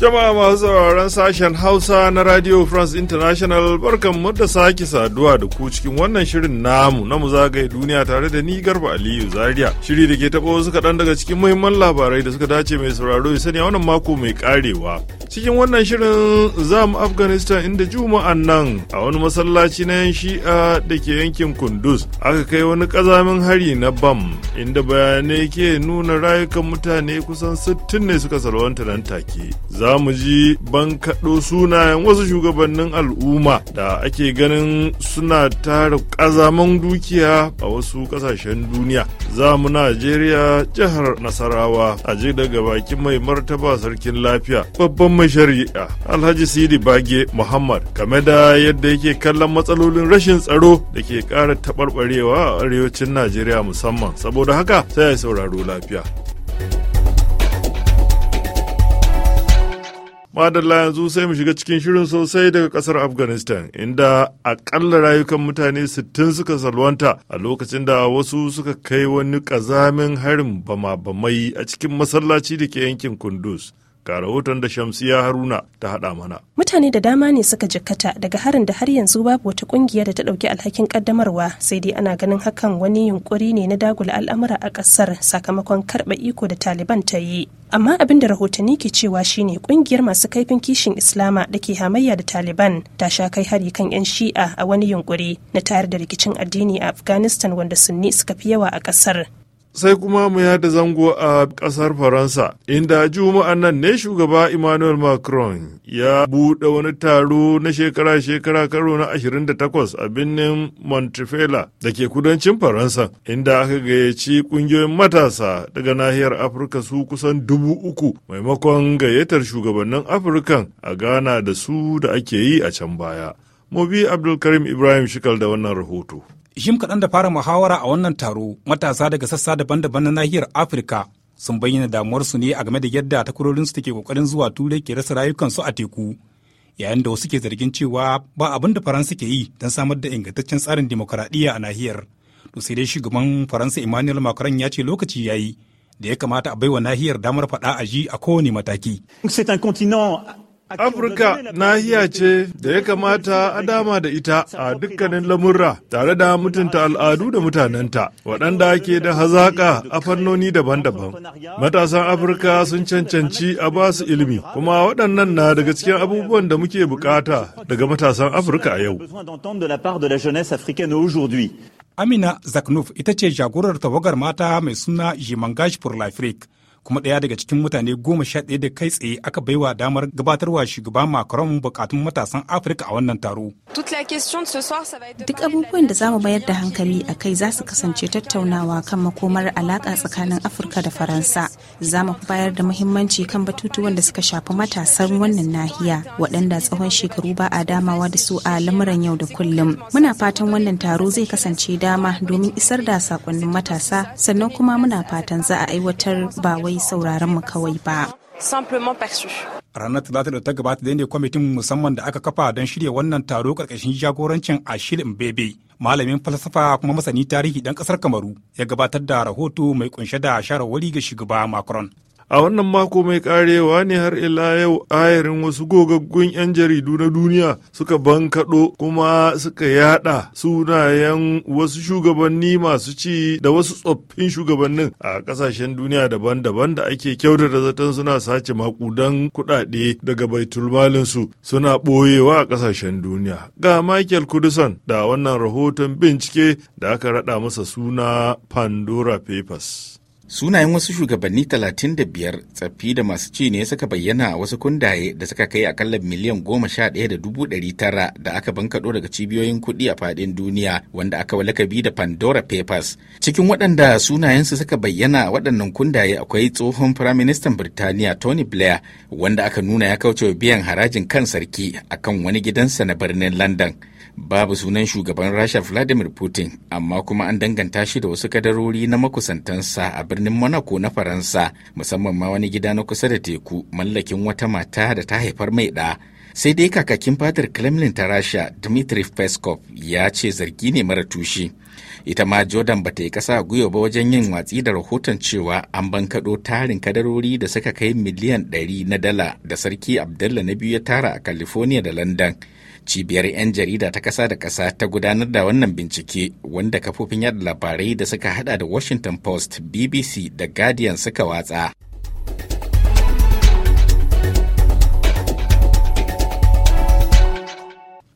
Jama'a masu sauraron sashen Hausa na Radio France International barkan da sake saduwa da ku cikin wannan shirin namu na zagaye duniya tare da ni Garba Aliyu Zaria. Shiri da ke taɓo wasu kaɗan daga cikin muhimman labarai da suka dace mai sauraro ya sani a wannan mako mai ƙarewa. cikin wannan shirin za afghanistan inda juma'an nan a wani masallaci na yan shi'a da ke yankin kunduz aka kai wani kazamin hari na bam inda bayanai ke nuna rayukan mutane kusan sittin ne suka salwanta nan take za mu ji ban kaɗo sunayen wasu shugabannin al'umma da ake ganin suna tara kazaman dukiya a wasu ƙasashen duniya za mu najeriya jihar nasarawa a daga bakin mai martaba sarkin lafiya babban shari'a alhaji sidi bage muhammad game da yadda yake kallon matsalolin rashin tsaro da ke kara taɓarɓarewa a arewacin najeriya musamman saboda haka sai ya sauraro lafiya madalla yanzu sai mu shiga cikin shirin sosai daga kasar afghanistan inda akalla rayukan mutane 60 suka salwanta a lokacin da wasu suka kai wani ƙazamin harin bama-bamai a cikin masallaci da ke yankin kundus. Ga rahoton da Shamsiya Haruna ta haɗa mana. Mutane da dama ne suka jikkata daga harin da har yanzu babu wata ƙungiya da ta ɗauki alhakin ƙaddamarwa sai dai ana ganin hakan wani yunƙuri ne na dagula al'amura a ƙasar sakamakon karɓa iko da Taliban ta yi. amma abin da rahotanni ke cewa shine kungiyar masu kaifin kishin islama da ke hamayya da taliban ta sha kai hari kan 'yan shi'a a wani yunkuri na tayar da rikicin addini a afghanistan wanda sunni suka fi yawa a ƙasar sai kuma mu yada zango a ƙasar Faransa, inda juma'a nan ne shugaba Emmanuel Macron ya buɗe wani taro na shekara-shekara karo na 28 a birnin Montefiore da ke kudancin Faransa, inda aka gayyaci ƙungiyoyin matasa daga nahiyar Afirka su kusan dubu uku maimakon gayyatar shugabannin Afirkan a Ghana da su da ake yi a can baya. Mobi Abdulkarim Ibrahim Shikal da wannan rahoto. shim kaɗan da fara muhawara a wannan taro matasa daga sassa daban-daban na nahiyar Afirka sun bayyana damuwarsu ne a game da yadda takwarorinsu take kokarin zuwa turai ke rasa rayukansu a teku yayin da wasu ke zargin cewa ba abin da faransa ke yi don samar da ingantaccen tsarin demokaradiyya a nahiyar to sai dai shugaban faransa emmanuel macron ya ce lokaci ya yi da ya kamata a baiwa nahiyar damar faɗa a ji a kowane mataki. Afirka nahiya ce da ya kamata a dama da ita a dukkanin lamurra tare da mutunta al'adu da mutanenta waɗanda ke da hazaƙa a fannoni daban-daban. Matasan Afirka sun cancanci a ba su ilimi, kuma waɗannan na daga cikin abubuwan da muke bukata daga matasan Afirka a yau. Amina Zaknuf ita ce jagorar tawagar mata mai suna Jimangash for kuma ɗaya daga cikin mutane goma sha ɗaya da kai tsaye aka baiwa damar gabatarwa shugaban Macron bukatun matasan Afirka a wannan taro. Duk abubuwan da za mu mayar da hankali a kai za su kasance tattaunawa kan makomar alaƙa tsakanin Afirka da Faransa. Za mu bayar da muhimmanci kan batutuwan da suka shafi matasan wannan nahiya waɗanda tsawon shekaru ba a damawa da su a lamuran yau da kullum. Muna fatan wannan taro zai kasance dama domin isar da sakonnin matasa sannan kuma muna fatan za a aiwatar ba wai sauraron mu kawai ba. ranar talata da ta gabata da ne kwamitin musamman da aka kafa don shirya wannan taro karkashin jagorancin ashil mbebe malamin falsafa kuma masani tarihi dan kasar kamaru ya gabatar da rahoto mai kunshe da wali ga shugaba macron a wannan mako mai karewa ne har ila yau ayarin wasu gogaggun 'yan jaridu na duniya suka bankaɗo kuma suka yada sunayen wasu shugabanni masu ci da wasu tsoffin shugabannin a ƙasashen duniya daban-daban da ake kyautata zaton suna sace makudan kuɗaɗe daga baitulmalinsu suna ɓoyewa a ƙasashen duniya ga michael kudison da wannan rahoton bincike da aka raɗa masa suna pandora papers Sunayen wasu shugabanni 35 tsaffi da masu ci ne suka bayyana a wasu kundaye da suka kai akalla miliyan 11,900 da aka bankaɗo daga cibiyoyin kuɗi a faɗin duniya wanda aka wa lakabi da Pandora Papers. Cikin waɗanda sunayensu suka bayyana a waɗannan kundaye akwai tsohon Firaministan Birtaniya Tony Blair wanda aka nuna ya kauce wa biyan harajin kan sarki akan wani gidansa na birnin London. babu sunan shugaban rasha vladimir putin amma kuma an danganta shi da wasu kadarori na makusantansa a birnin monaco na faransa musamman ma wani gida na kusa da teku mallakin wata mata da ta haifar mai ɗa sai dai kakakin fadar kremlin ta rasha dmitry peskov ya ce zargi ne mara tushe ita ma jordan ba ta yi kasa guyo ba wajen yin watsi da rahoton cewa an bankaɗo tarin kadarori da suka kai miliyan 100 na dala da sarki abdullah na biyu ya tara a california da london cibiyar 'yan jarida ta ƙasa da ƙasa ta gudanar da wannan bincike wanda kafofin yada labarai da suka hada da washington post bbc da guardian suka watsa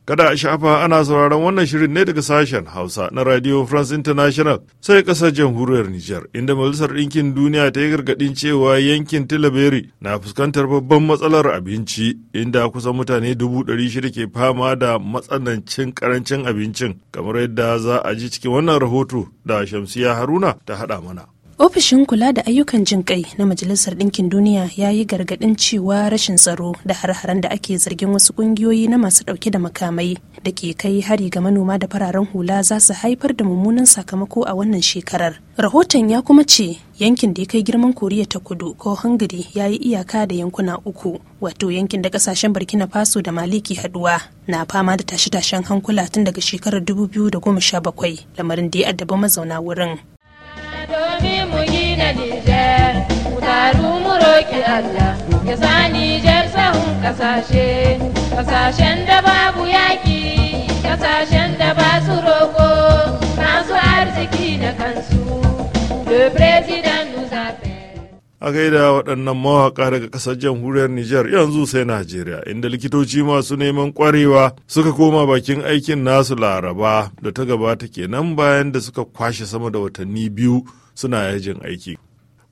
Kada a shafa ana sauraron wannan shirin ne daga sashen Hausa na Radio France International sai kasar jamhuriyar Nijar inda Majalisar Ɗinkin Duniya ta yi gargaɗin cewa yankin Tilaberi na fuskantar babban matsalar abinci inda kusan mutane dubu ɗari shida ke fama da matsanancin karancin abincin kamar yadda za a ji cikin wannan rahoto da Shamsiya Haruna ta haɗa mana. ofishin kula da ayyukan jin kai na majalisar ɗinkin duniya ya yi gargaɗin cewa rashin tsaro da har-haren da ake zargin wasu ƙungiyoyi na masu ɗauke da makamai da ke kai hari ga manoma da fararen hula za su haifar da mummunan sakamako a wannan shekarar rahoton ya kuma ce yankin da ya kai girman koriya ta kudu ko hungary ya yi iyaka da yankuna uku wato yankin da kasashen burkina faso da maliki ke haduwa na fama da tashe-tashen hankula tun daga shekarar 2017 lamarin da ya addaba mazauna wurin Allah ya sa Nijar sahun kasashe kasashen da babu yaki kasashen da ba su roko masu arziki da kansu le president nous a gaida waɗannan mawaƙa daga ƙasar jamhuriyar Nijar yanzu sai Najeriya inda likitoci masu neman ƙwarewa suka koma bakin aikin nasu laraba da ta gabata kenan bayan da suka kwashe sama da watanni biyu suna yajin aiki.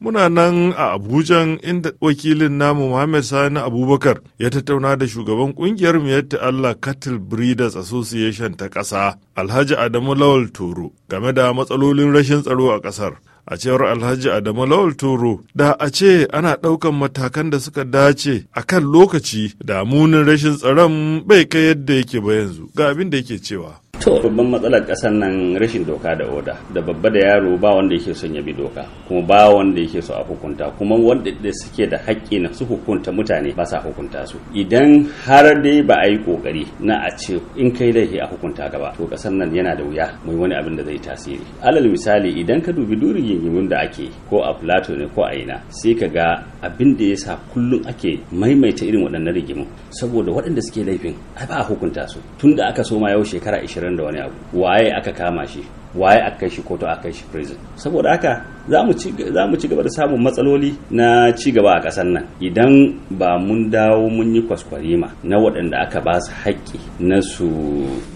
Muna nan a Abujan inda wakilin namu Muhammad Sani Abubakar ya tattauna da shugaban kungiyar Miyatta Allah Cattle Breeders Association ta ƙasa, Alhaji Adamu Lawal Toro, game da matsalolin rashin tsaro a ƙasar. a cewar alhaji adamu lawal toro da a ce ana ɗaukan matakan da suka dace a kan lokaci da munin rashin tsaron bai kai yadda yake ba yanzu ga abin da yake cewa To babban matsalar ƙasar nan rashin doka da oda da babba da yaro ba wanda yake son ya bi doka kuma ba wanda yake so a hukunta kuma wanda da suke da haƙƙi na su hukunta mutane ba sa hukunta su idan har dai ba a yi kokari na a ce in kai laifi a hukunta gaba to kasar nan yana da wuya mai wani abin da zai tasiri alal misali idan ka dubi durin yingimin da ake ko a plato ne ko a ina sai ka ga abin da ya sa kullum ake maimaita irin waɗannan rigimin saboda waɗanda suke laifin ai ba a hukunta su tunda aka so ma yau shekara 20 ashirin da wani abu waye aka kama shi waye aka kai shi kotu aka kai shi prison saboda haka za mu ci gaba da samun matsaloli na ci gaba a ƙasar nan idan ba mun dawo mun yi kwaskwarima na waɗanda aka ba su haƙƙi na su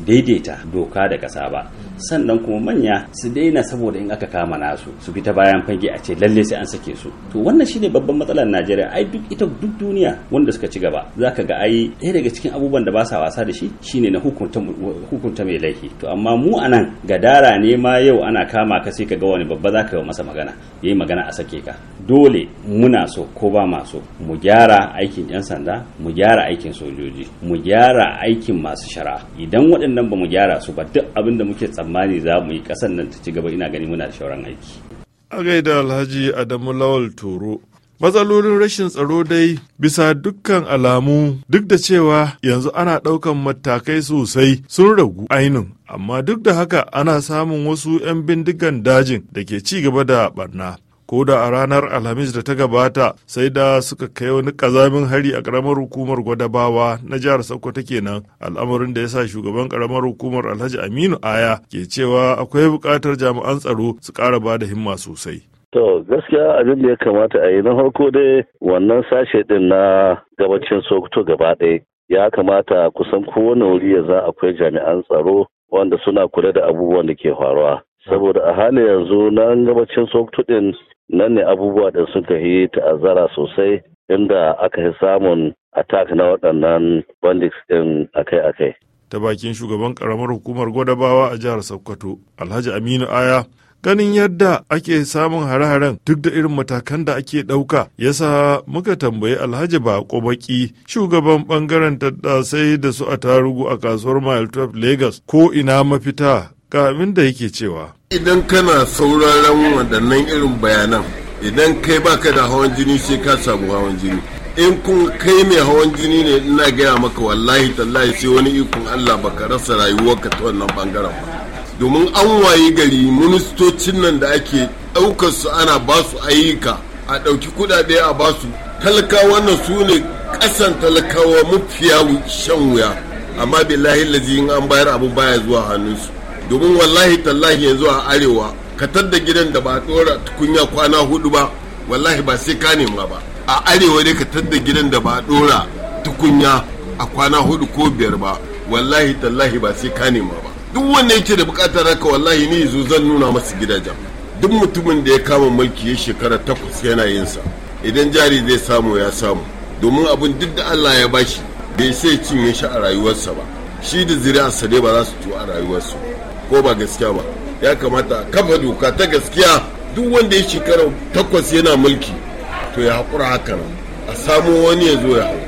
daidaita doka da ƙasa ba sannan kuma manya su daina saboda in aka kama nasu su fita bayan fage a ce lalle sai an sake su to wannan shine babban matsalar Najeriya ai duk ita duk duniya wanda suka ci gaba za ka ga ai ɗaya daga cikin abubuwan da ba sa wasa da shi shine na hukunta mai laifi to amma mu anan gadara ne ma yau ana kama ka sai ka ga wani babba za ka yi masa magana magana yayi magana a sake ka dole muna so ko ba ma so mu gyara aikin yan sanda mu gyara aikin sojoji mu gyara aikin masu shari'a idan waɗannan ba mu gyara su ba duk abin da muke tsammani za mu yi ƙasar nan ta ci gaba ina gani muna da shauran aiki a gaida alhaji adamu lawal toro Matsalolin rashin tsaro dai bisa dukkan alamu duk da cewa yanzu ana ɗaukan matakai sosai sun ragu ainun amma duk da haka ana samun wasu 'yan bindigan dajin da ke ci gaba da barna. ko da a ranar alhamis da ta gabata sai da suka kai wani ƙazamin hari a ƙaramar hukumar gwadabawa na jihar sokoto kenan al'amarin da ya sa shugaban ƙaramar hukumar alhaji aminu aya ke cewa akwai buƙatar jami'an tsaro su ƙara bada himma sosai To gaskiya abin da ya kamata a yi na harko dai wannan sashe din na gabacin Sokoto gaba ɗaya ya kamata kusan kowane wuri ya za akwai jami'an tsaro wanda suna kula da abubuwan da ke faruwa. Saboda a halin yanzu na gabacin Sokoto din nan ne abubuwa da suka yi ta'azzara sosai inda aka yi samun attack na waɗannan bandits din akai-akai. Ta bakin shugaban ƙaramar hukumar Gwadabawa a jihar Sokoto, Alhaji Aminu Aya ganin yadda ake samun hare-haren duk da irin matakan da ake ɗauka yasa muka tambayi alhaji bako baki shugaban bangaren tattasai da su a tarugu a kasuwar mile 12 lagos ko ina mafita ga abin da yake cewa idan kana sauraron waɗannan irin bayanan idan kai baka da hawan jini sai ka samu hawan jini in kun kai mai hawan jini ne ina gaya maka wallahi tallahi sai wani ikon allah baka rasa rayuwarka ta wannan bangaren ba domin an waye gari ministocin nan da ake ɗaukar su ana ba su ayyuka a ɗauki kuɗaɗe a ba su talakawa na su ne ƙasan talakawa mafiya shan wuya amma billahi lazi in an bayar abu baya zuwa hannunsu domin wallahi tallahi yanzu a arewa katar da gidan da ba a ɗora tukunya kwana hudu ba wallahi ba sai ka nema ba a arewa ne katar da gidan da ba a ɗora tukunya a kwana hudu ko biyar ba wallahi tallahi ba sai ka nema ba duk wanda yake da bukatar haka wallahi ni yanzu zan nuna masa gidajen duk mutumin da ya kama mulki ya shekara takwas yana yin sa idan jari zai samu ya samu domin abin duk da Allah ya bashi bai sai cinye shi a rayuwarsa ba shi da a dai ba za su ci a rayuwarsu ko ba gaskiya ba ya kamata kafa doka ta gaskiya duk wanda ya shekara takwas yana mulki to ya haƙura hakan a samu wani ya zo ya hau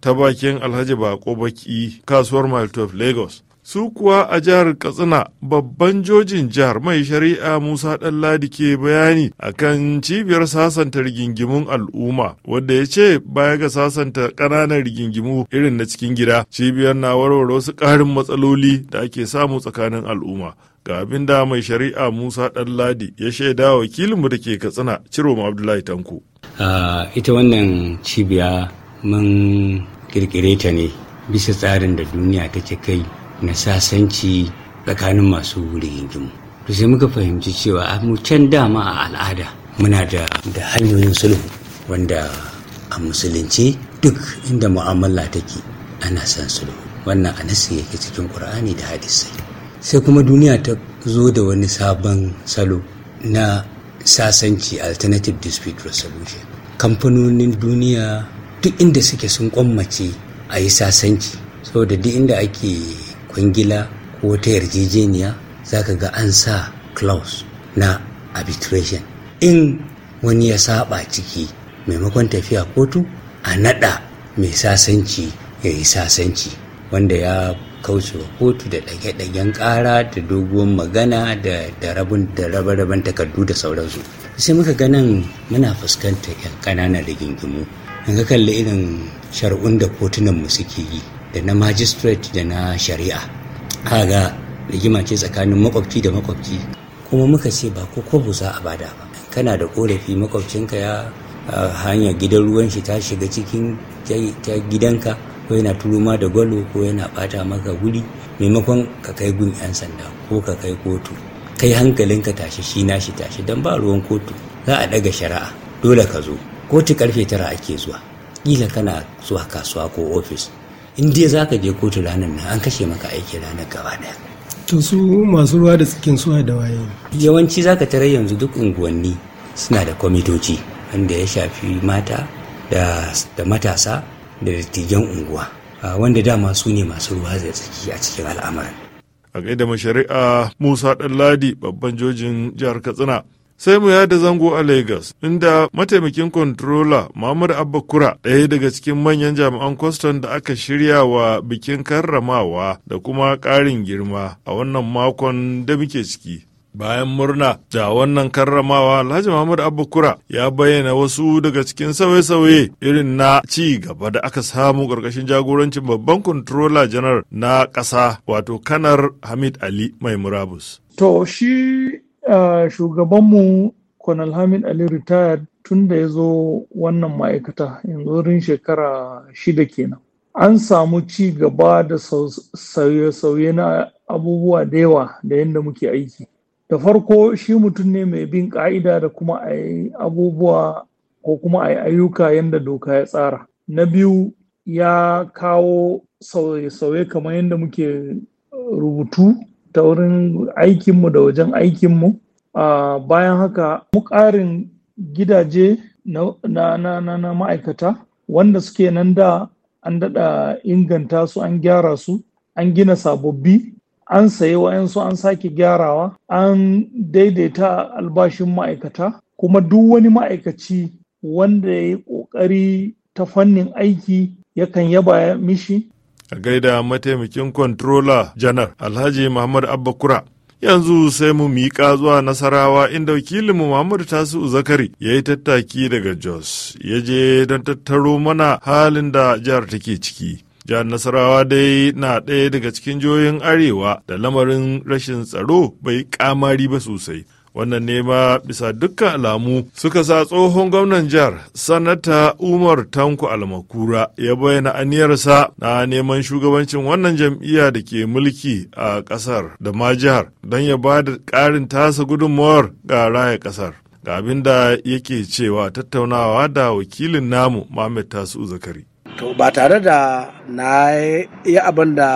ta bakin alhaji bako baki kasuwar mile lagos su kuwa a jihar katsina babban jojin jihar mai shari'a musa ɗanladi ke bayani a kan cibiyar sasanta rigingimun al'umma wadda ya ce baya ga sasanta ƙananan rigingimu irin na cikin gida cibiyar na warware wasu ƙarin matsaloli da ake samu tsakanin al'umma ga abin da mai shari'a musa ɗanladi ya shaida wakilinmu da ke katsina ciroma abdullahi tanko ita wannan cibiya mun kirkire ta ne bisa tsarin da duniya take kai na sasanci tsakanin masu rigingimu to sai muka fahimci cewa a can dama a al'ada muna da hanyoyin sulhu wanda a musulunci duk inda mu'amala take ana son sulhu wannan a nasi yake cikin qur'ani da hadisai sai kuma duniya ta zo da wani sabon salo na sasanci alternative dispute resolution kamfanonin duniya duk inda suke sun kwammace a yi sasanci saboda duk inda ake kwangila ko ta yarjejeniya za ka ga an sa clause na arbitration in wani ya saba ciki maimakon tafiya kotu a nada mai sasanci ya yi sasanci wanda ya kauce wa kotu da ɗage-ɗagen ƙara da doguwan magana da rabe-raben takardu da sauransu sai muka ganin muna fuskantar 'yan ƙananan rigingimu in ga kalli irin shar'un da kotunan mu suke yi da na magistrate da na shari'a kaga rigima ce tsakanin makwabci da makwabci kuma muka ce ba ko kobo za a bada ba kana da korafi makwabcinka ya hanya gidan ruwan shi ta shiga cikin ta gidanka ko yana turuma da gwalo ko yana bata maka guri maimakon ka kai gun 'yan sanda ko ka kai kotu kai hankalinka tashi shi na shi tashi don ba ruwan kotu za a ɗaga shari'a dole ka zo kotu karfe tara ake zuwa kila kana zuwa kasuwa ko ofis in dai za ka je kotu ranar nan an kashe maka aiki ranar gaba daya to su masu ruwa da tsakin suna da waye yawanci za ka tarar yanzu duk unguwanni suna da kwamitoci wanda ya shafi mata da matasa da dattijan unguwa wanda dama su ne masu ruwa da tsaki a cikin al'amarin a gaida mashari'a musa ɗanladi babban jojin jihar katsina sai mu yada zango a Lagos, inda mataimakin kontrola Muhammad Abba Kura ɗaya daga cikin manyan jami'an kwaston da aka shirya wa bikin karramawa da kuma ƙarin girma a wannan makon da muke ciki. Bayan murna da wannan karramawa Alhaji Muhammad Abba Kura ya bayyana wasu daga cikin sauye-sauye irin na ci gaba da aka samu ƙarƙashin jagorancin babban kontrola janar na ƙasa wato kanar Hamid Ali mai murabus. To shi shugabanmu Colonel Hamid Ali retired tun da ya zo wannan ma'aikata yanzu wurin shekara shida kenan. An samu ci gaba da sauye-sauye na abubuwa da yawa da yadda muke aiki. Da farko shi mutum ne mai bin ƙa'ida da kuma a yi abubuwa ko kuma a yi ayyuka yadda doka ya tsara. Na biyu ya kawo sauye-sauye kamar yadda muke rubutu ta wurin aikinmu da wajen aikinmu bayan haka mu ƙarin gidaje na ma'aikata wanda suke nan da an daɗa inganta su an gyara su an gina sababbi an sayi wa'yansu an sake gyarawa an daidaita albashin ma'aikata kuma duk wani ma'aikaci wanda ya yi ƙoƙari ta fannin aiki yakan yaba mishi a gaida mataimakin kwantrola janar alhaji muhammad abba kura yanzu sai mu miƙa zuwa nasarawa inda wakilinmu Muhammadu Tasi'u Zakari ya yi tattaki daga Jos ya je don tattaro mana halin da jihar take ciki. Jihar Nasarawa dai na ɗaya daga cikin jihohin Arewa da lamarin rashin tsaro bai ƙamari ba sosai. wannan nema bisa dukkan alamu suka sa tsohon gwamnan jihar sanata umar tanko almakura ya bayyana aniyarsa na neman shugabancin wannan jam'iyya da ke mulki a kasar da ma jihar don ya ba da karin tasa gudunmawar ga raya kasar ga abin da yake cewa tattaunawa da wakilin namu mohammed Tasu Zakari. To ba tare da na yi abin da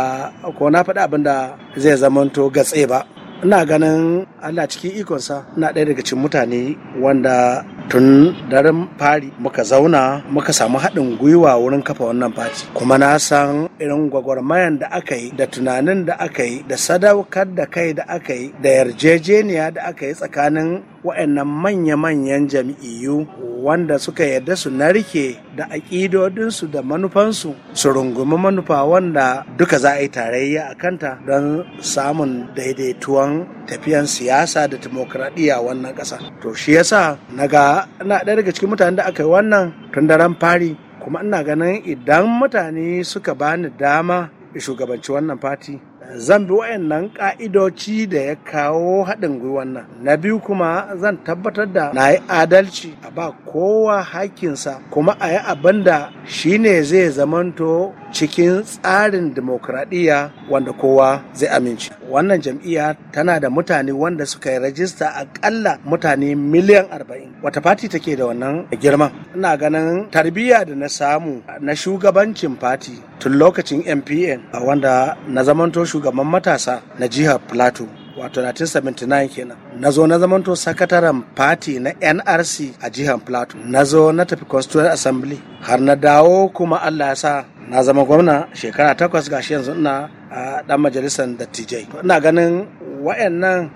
ko na faɗi abin da zai zamanto gatse ba ina ganin allah cikin ikonsa na ɗaya daga cikin mutane wanda tun daren fari muka zauna muka samu haɗin gwiwa wurin kafa wannan fati kuma na san irin gwagwarmayan da aka yi da tunanin da aka yi da sadaukar da kai da aka yi da yarjejeniya da aka yi tsakanin wa'annan manya-manyan jam'iyyu wanda suka yarda su narke da aƙidodinsu da manufansu su rungumi manufa wanda duka za a yi tarayya a kanta don samun daidaituwan tafiyan siyasa da demokradiyya wannan ƙasa to shi yasa sa na ɗaya daga cikin mutane da aka yi wannan tun daren fari kuma ina ganin idan mutane suka bani dama shugabanci wannan fati zan bi wayannan ka'idoci da ya kawo haɗin gwiwan nan na biyu kuma zan tabbatar da na yi adalci a ba kowa hakinsa kuma a yi abin da shine zai zamanto cikin tsarin demokradiyya wanda kowa zai amince. Wannan jam'iyya tana da mutane wanda suka yi rajista akalla mutane miliyan arba'in. Wata fati take da wannan girma. Ina ganin tarbiyya da na samu na shugabancin fati tun lokacin MPN wanda na zamanto shugaban matasa na jihar Plateau. wato 1979 kenan na zo na zamanto sakataren fati na nrc a jihar plateau na zo na tafi constituent assembly har na dawo kuma allah ya sa na zama gwamna shekara takwas shi yanzu ina a dan majalisar dattijai ina ganin wayannan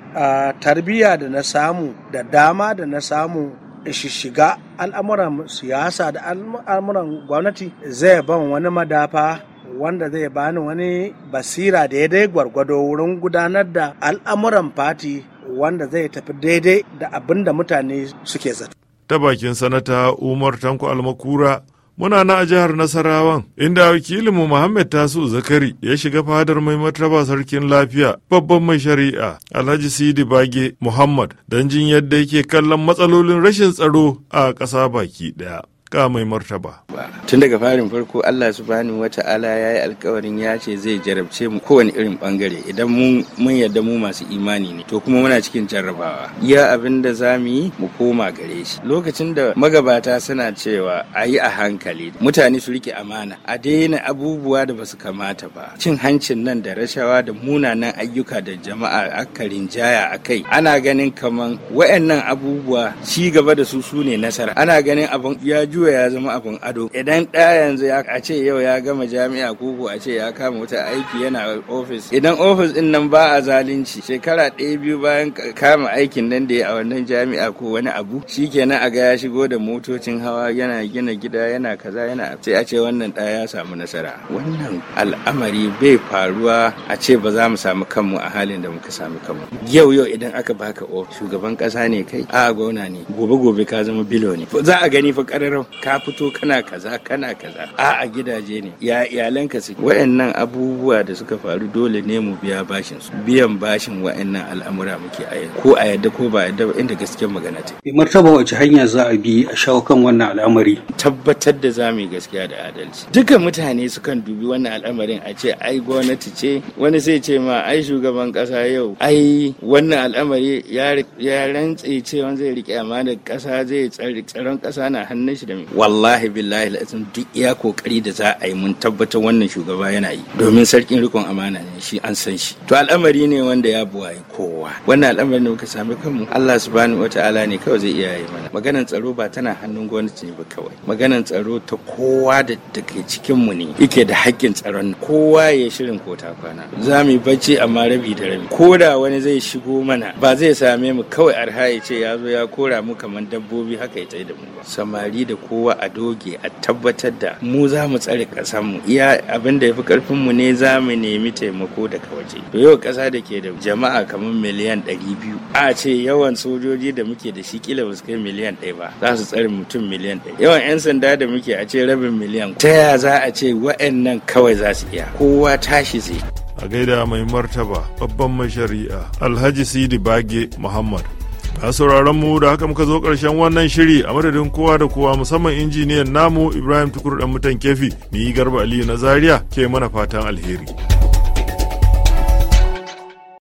tarbiyya da na samu da dama da na samu shiga al'amuran siyasa da al'amuran gwamnati zai ban wani madafa wanda zai bani wani basira da ya daidai gwargwado wurin gudanar da al'amuran fati wanda zai tafi daidai da abin da mutane suke zato. ta bakin sanata umar tanko almakura Muna na a jihar Nasarawan, inda wakilinmu Muhammad Tasu Zakari ya shiga fadar mai martaba sarkin lafiya babban mai shari'a Alhaji Sidi Bage Muhammad don jin yadda yake kallon matsalolin rashin tsaro a ƙasa baki ɗaya. Ka mai martaba. Tun daga farin farko Allah subhanahu wa ta'ala ya yi alkawarin ya ce zai jarabce mu kowane irin bangare idan mun yadda mu masu imani ne to kuma muna cikin jarrabawa. Ya abin da za mu yi mu koma gare shi. Lokacin da magabata suna cewa a yi a hankali mutane su rike amana a daina abubuwa da basu kamata ba. Cin hancin nan da rashawa da munanan ayyuka da jama'a aka rinjaya a kai ana ganin kaman wa'annan abubuwa ci gaba da su su ne nasara ana ganin abin ya ju juya ya zama abin ado idan ɗa yanzu a ce yau ya gama jami'a koko a ce ya kama wata aiki yana ofis idan ofis din nan ba a zalunci shekara ɗaya biyu bayan kama aikin nan da ya a wannan jami'a ko wani abu shikenan a ga ya shigo da motocin hawa yana gina gida yana kaza yana sai a ce wannan ɗa ya samu nasara wannan al'amari bai faruwa a ce ba za mu samu kanmu a halin da muka samu kanmu yau yau idan aka baka shugaban ƙasa ne kai a gona ne gobe gobe ka zama bilo ne za a gani fa kararau ka fito kana kaza kana kaza a'a gidaje ne ya iyalanka su wayannan abubuwa da suka faru dole ne mu biya bashin su biyan bashin wayannan al'amura muke a ko a yadda ko ba yadda ba inda gaskiyar magana ta bi martaba wace hanya za a bi a shawo kan wannan al'amari tabbatar da za mu gaskiya da adalci Dukkan mutane sukan dubi wannan al'amarin a ce ai gwamnati ce wani sai ce ma ai shugaban kasa yau ai wannan al'amari ya rantse cewa zai rike amana kasa zai tsaron kasa na hannun shi da wallahi billahi latin duk iya kokari da za a yi mun tabbatar wannan shugaba yana yi domin sarkin rikon amana ne shi an san shi to al'amari ne wanda ya buwaye kowa wannan al'amari ne muka sami kanmu Allah subhanahu wataala ne kawai zai iya yi mana maganan tsaro ba tana hannun gwamnati ne ba kawai maganan tsaro ta kowa da take cikin mu ne yake da haƙƙin tsaron kowa ya shirin kota kwana za mu bacci amma rabi da rabi ko da wani zai shigo mana ba zai same mu kawai arha ya ce ya zo ya kora mu kamar dabbobi haka ya tsaye da mu ba samari da ko kowa a doge a tabbatar da mu za mu tsare mu iya abin da ya fi karfin mu ne za mu nemi taimako daga waje to yau ƙasa da ke da jama'a kamar miliyan ɗari biyu a ce yawan sojoji da muke da shi kila ba su kai miliyan ɗaya ba za su tsare mutum miliyan ɗaya yawan 'yan sanda da muke a ce rabin miliyan ta yaya za a ce wa'annan kawai za su iya kowa tashi zai a gaida mai martaba babban mashari'a. alhaji sidi bage muhammad a sauraron mu da haka muka zo karshen wannan shiri a madadin kowa da kowa musamman injiniyan namu Ibrahim Tukur dan mutan kefi ni Garba Aliyu na Zaria ke mana fatan alheri.